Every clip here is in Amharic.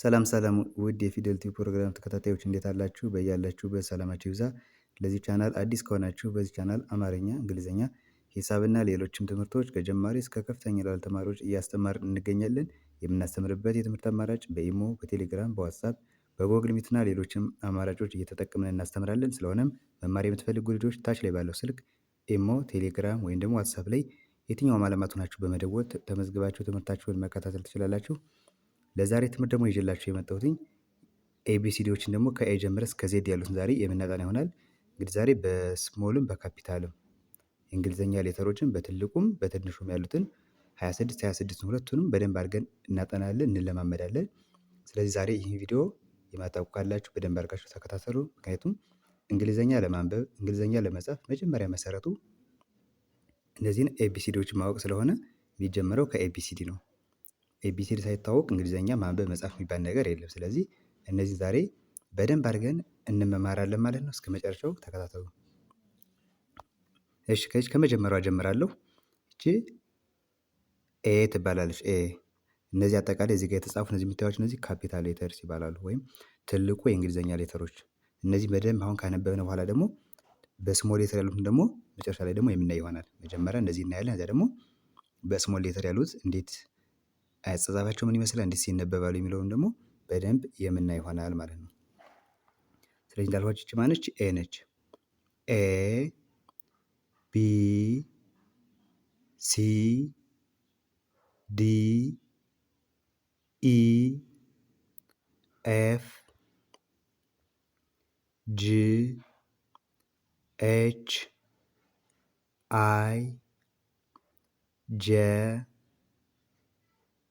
ሰላም ሰላም ውድ የፊደል ቲቪ ፕሮግራም ተከታታዮች እንዴት አላችሁ? በያላችሁበት ሰላማችሁ ይብዛ። ለዚህ ቻናል አዲስ ከሆናችሁ በዚህ ቻናል አማርኛ፣ እንግሊዝኛ፣ ሂሳብና ሌሎችም ትምህርቶች ከጀማሪ እስከ ከፍተኛ ላሉ ተማሪዎች እያስተማርን እንገኛለን። የምናስተምርበት የትምህርት አማራጭ በኢሞ፣ በቴሌግራም፣ በዋትሳፕ፣ በጎግል ሚትና ሌሎችም አማራጮች እየተጠቀምን እናስተምራለን። ስለሆነም መማር የምትፈልጉ ልጆች ታች ላይ ባለው ስልክ ኢሞ፣ ቴሌግራም ወይም ደግሞ ዋትሳፕ ላይ የትኛውም አለማት ሆናችሁ በመደወል ተመዝግባችሁ ትምህርታችሁን መከታተል ትችላላችሁ። ለዛሬ ትምህርት ደግሞ ይዤላችሁ የመጣሁት ኤቢሲዲዎችን ደግሞ ከኤ ጀምረ እስከ ዜድ ያሉትን ዛሬ የምናጠና ይሆናል። እንግዲህ ዛሬ በስሞልም በካፒታልም እንግሊዝኛ ሌተሮችን በትልቁም በትንሹም ያሉትን 26 26 ሁለቱንም በደንብ አድርገን እናጠናለን እንለማመዳለን። ስለዚህ ዛሬ ይህን ቪዲዮ የማታውቁ ካላችሁ በደንብ አድርጋችሁ ተከታተሉ። ምክንያቱም እንግሊዝኛ ለማንበብ እንግሊዝኛ ለመጻፍ መጀመሪያ መሰረቱ እነዚህን ኤቢሲዲዎችን ማወቅ ስለሆነ የሚጀምረው ከኤቢሲዲ ነው። ኤቢሲዲ ሳይታወቅ እንግሊዘኛ ማንበብ መጻፍ የሚባል ነገር የለም። ስለዚህ እነዚህ ዛሬ በደንብ አድርገን እንመማራለን ማለት ነው። መጨረሻው ተከታተሉ። እሺ ከዚች ከመጀመሪያዋ እጀምራለሁ። እቺ ኤ ትባላለች። ኤ እነዚህ አጠቃላይ እዚህ የተጻፉ እነዚህ የምታዩዋቸው እነዚህ ካፒታል ሌተርስ ይባላሉ፣ ወይም ትልቁ የእንግሊዝኛ ሌተሮች። እነዚህ በደንብ አሁን ካነበብን በኋላ ደግሞ በስሞል ሌተር ያሉትን ደግሞ መጨረሻ ላይ ደግሞ የምናይ ይሆናል። መጀመሪያ እነዚህ እናያለን፣ እዚያ ደግሞ በስሞል ሌተር ያሉት እንዴት አጻጻፋቸው ምን ይመስላል እንዴት ይነበባሉ የሚለውን ደግሞ በደንብ የምና ይሆናል ማለት ነው። ስለዚህ እንዳልኳችሁ ማነች? ኤ ነች። ኤ ቢ ሲ ዲ ኢ ኤፍ ጂ ኤች አይ ጄ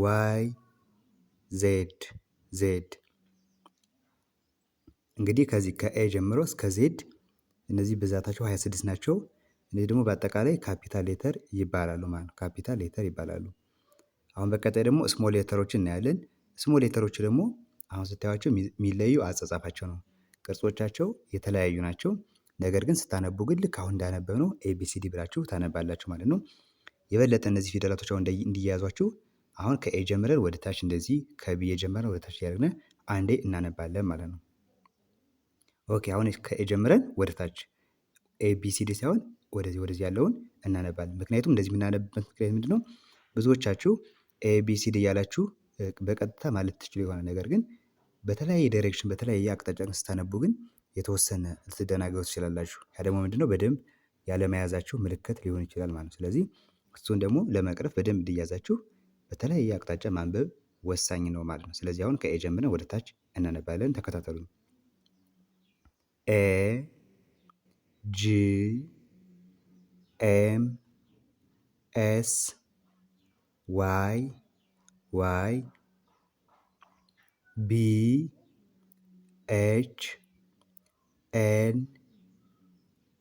ዋይ ዜድ ዜድ እንግዲህ ከዚህ ከኤ ጀምሮ እስከ ዜድ እነዚህ ብዛታቸው 26 ናቸው። እነዚህ ደግሞ በአጠቃላይ ካፒታል ሌተር ይባላሉ ማለት ካፒታል ሌተር ይባላሉ። አሁን በቀጣይ ደግሞ ስሞል ሌተሮች እናያለን። ስሞል ሌተሮች ደግሞ አሁን ስታዩቸው የሚለዩ አጻጻፋቸው ነው። ቅርጾቻቸው የተለያዩ ናቸው። ነገር ግን ስታነቡ ግን ልክ አሁን እንዳነበብ ነው ኤቢሲዲ ብላችሁ ታነባላችሁ ማለት ነው። የበለጠ እነዚህ ፊደላቶች አሁን እንዲያያዟችሁ አሁን ከኤ ጀምረን ወደ ታች እንደዚህ ከቢ የጀመረን ወደ ታች አንዴ እናነባለን ማለት ነው። ኦኬ አሁን ከኤ ጀምረን ወደ ታች ኤቢሲዲ ሳይሆን ወደዚህ ወደዚህ ያለውን እናነባለን። ምክንያቱም እንደዚህ የምናነብበት ምክንያት ምንድን ነው? ብዙዎቻችሁ ኤቢሲዲ እያላችሁ በቀጥታ ማለት ትችሉ የሆነ ነገር ግን በተለያየ ዳይሬክሽን በተለያየ አቅጣጫ ስታነቡ ግን የተወሰነ ልትደናገሩ ትችላላችሁ። ያ ደግሞ ምንድነው በደንብ ያለመያዛችሁ ምልክት ሊሆን ይችላል ማለት ነው። ስለዚህ እሱን ደግሞ ለመቅረፍ በደንብ እንድያዛችሁ በተለያየ አቅጣጫ ማንበብ ወሳኝ ነው ማለት ነው። ስለዚህ አሁን ከኤ ጀምረን ወደ ታች እናነባለን። ተከታተሉ። ኤ ጂ ኤም ኤስ ዋይ ዋይ ቢ ኤች ኤን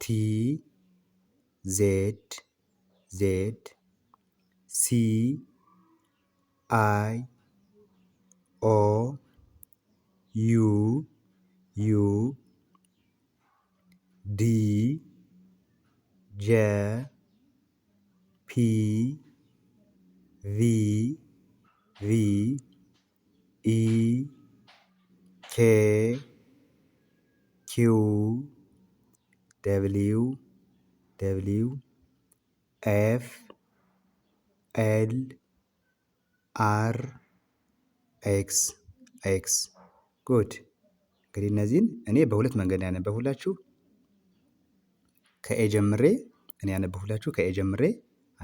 ቲ ዜድ ዜድ ሲ I O U U D J P V V E K Q W W F L አር ኤክስ ኤክስ ጉድ። እንግዲህ እነዚህን እኔ በሁለት መንገድ ያነበሁላችሁ ከኤ ጀምሬ እኔ ያነበብሁላችሁ ከኤ ጀምሬ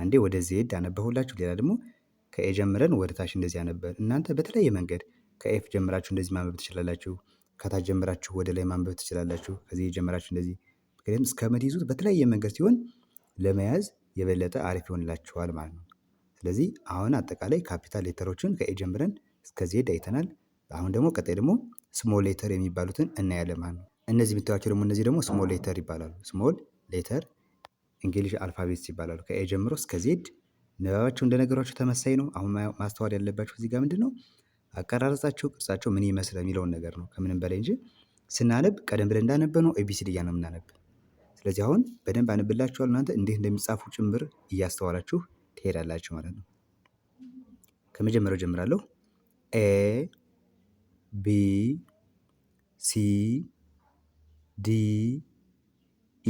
አንዴ ወደ ዜድ ያነበብሁላችሁ፣ ሌላ ደግሞ ከኤ ጀምረን ወደ ታች እንደዚህ ያነበር። እናንተ በተለያየ መንገድ ከኤፍ ጀምራችሁ እንደዚህ ማንበብ ትችላላችሁ። ከታች ጀምራችሁ ወደ ላይ ማንበብ ትችላላችሁ። ከዚህ ጀምራችሁ እንደዚህ ምክንያቱም እስከ መድ ይዙት በተለያየ መንገድ ሲሆን ለመያዝ የበለጠ አሪፍ ይሆንላችኋል ማለት ነው። ስለዚህ አሁን አጠቃላይ ካፒታል ሌተሮችን ከኤ ጀምረን እስከ ዜድ አይተናል። አሁን ደግሞ ቀጣይ ደግሞ ስሞል ሌተር የሚባሉትን እናያለን ማለት ነው። እነዚህ የምታዩዋቸው ደግሞ እነዚህ ደግሞ ስሞል ሌተር ይባላሉ። ስሞል ሌተር እንግሊሽ አልፋቤትስ ይባላሉ። ከኤ ጀምሮ እስከ ዜድ ንባባቸው እንደነገሯቸው ተመሳይ ነው። አሁን ማስተዋል ያለባቸው እዚህ ጋር ምንድን ነው አቀራረጻቸው፣ ቅርጻቸው ምን ይመስላል የሚለውን ነገር ነው ከምንም በላይ እንጂ ስናነብ ቀደም ብለን እንዳነበ ነው ኤቢሲዲ እያነው የምናነብ። ስለዚህ አሁን በደንብ አነብላችኋል እናንተ እንዴት እንደሚጻፉ ጭምር እያስተዋላችሁ ትሄዳላችሁ ማለት ነው። ከመጀመሪያው ጀምራለሁ። ኤ ቢ ሲ ዲ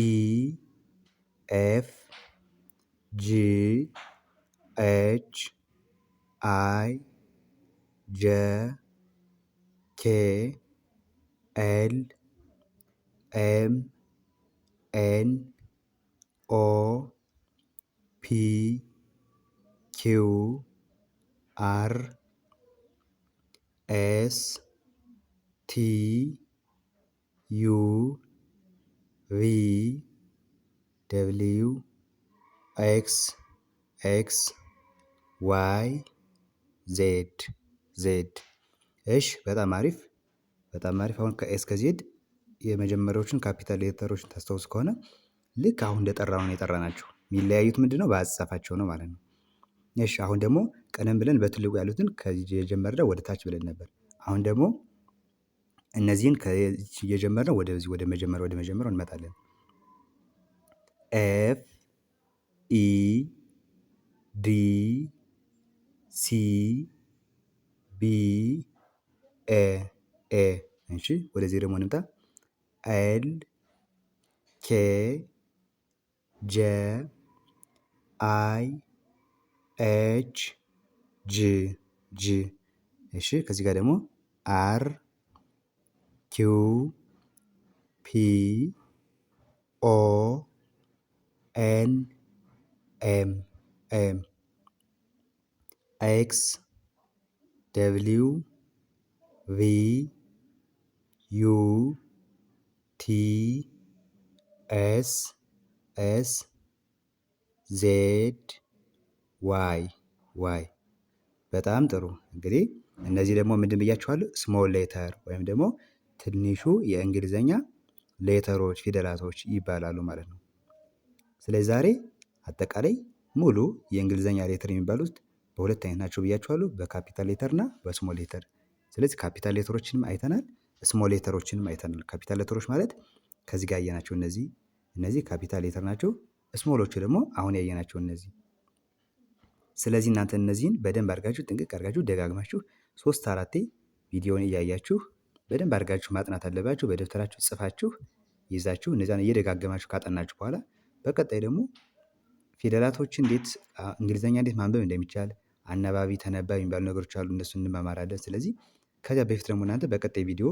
ኢ ኤፍ ጂ ኤች አይ ጄ ኬ ኤል ኤም ኤን ኦ ፒ ኪው አር ኤስ ቲ ዩ ቪ ደብሊው ኤክስ ኤክስ ዋይ ዜድ ዜድ። እሽ በጣም አሪፍ በጣም አሪፍ። አሁን ከኤስ ከዜድ የመጀመሪያዎችን ካፒታል ሌተሮችን ታስታውስ ከሆነ ልክ አሁን እንደጠራ ነው የጠራ ናቸው። የሚለያዩት ምንድነው በአጻጻፋቸው ነው ማለት ነው። እሺ አሁን ደግሞ ቀደም ብለን በትልቁ ያሉትን ከዚህ የጀመርነው ወደ ታች ብለን ነበር። አሁን ደግሞ እነዚህን ከዚህ እየጀመርነው ወደዚህ ወደ መጀመር ወደ መጀመር እንመጣለን። ኤፍ ኢ ዲ ሲ ቢ ኤ ኤ እሺ ወደዚህ ደግሞ እንምጣ። ኤል ኬ ጄ አይ ኤች ጂ ጂ እሺ ከዚህ ጋር ደግሞ አር ኪው ፒ ኦ ኤን ኤም ኤም ኤክስ ደብሊው ቪ ዩ ቲ ኤስ ኤስ ዜድ ዋይ ዋይ በጣም ጥሩ እንግዲህ እነዚህ ደግሞ ምንድን ብያችኋለሁ ስሞል ሌተር ወይም ደግሞ ትንሹ የእንግሊዘኛ ሌተሮች ፊደላቶች ይባላሉ ማለት ነው። ስለዚህ ዛሬ አጠቃላይ ሙሉ የእንግሊዘኛ ሌተር የሚባሉት በሁለት አይነት ናቸው ብያችኋለሁ፣ በካፒታል ሌተር እና በስሞል ሌተር። ስለዚህ ካፒታል ሌተሮችንም አይተናል፣ ስሞል ሌተሮችንም አይተናል። ካፒታል ሌተሮች ማለት ከዚህ ጋር ያየናቸው እነዚህ እነዚህ ካፒታል ሌተር ናቸው። ስሞሎቹ ደግሞ አሁን ያየናቸው እነዚህ ስለዚህ እናንተ እነዚህን በደንብ አድርጋችሁ ጥንቅቅ አድርጋችሁ ደጋግማችሁ ሶስት አራቴ ቪዲዮን እያያችሁ በደንብ አድርጋችሁ ማጥናት አለባችሁ። በደብተራችሁ ጽፋችሁ ይዛችሁ እነዚያን እየደጋገማችሁ ካጠናችሁ በኋላ በቀጣይ ደግሞ ፊደላቶችን እንዴት እንግሊዝኛ እንዴት ማንበብ እንደሚቻል አናባቢ፣ ተነባቢ የሚባሉ ነገሮች አሉ። እነሱ እንማማራለን። ስለዚህ ከዚያ በፊት ደግሞ እናንተ በቀጣይ ቪዲዮ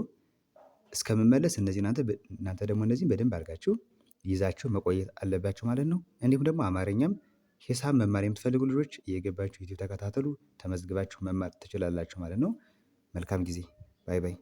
እስከምመለስ እነዚህ እናንተ ደግሞ እነዚህን በደንብ አድርጋችሁ ይዛችሁ መቆየት አለባችሁ ማለት ነው። እንዲሁም ደግሞ አማርኛም ሂሳብ መማር የምትፈልጉ ልጆች እየገባችሁ ዩቲዩብ ተከታተሉ ተመዝግባችሁ መማር ትችላላችሁ ማለት ነው። መልካም ጊዜ ባይ ባይ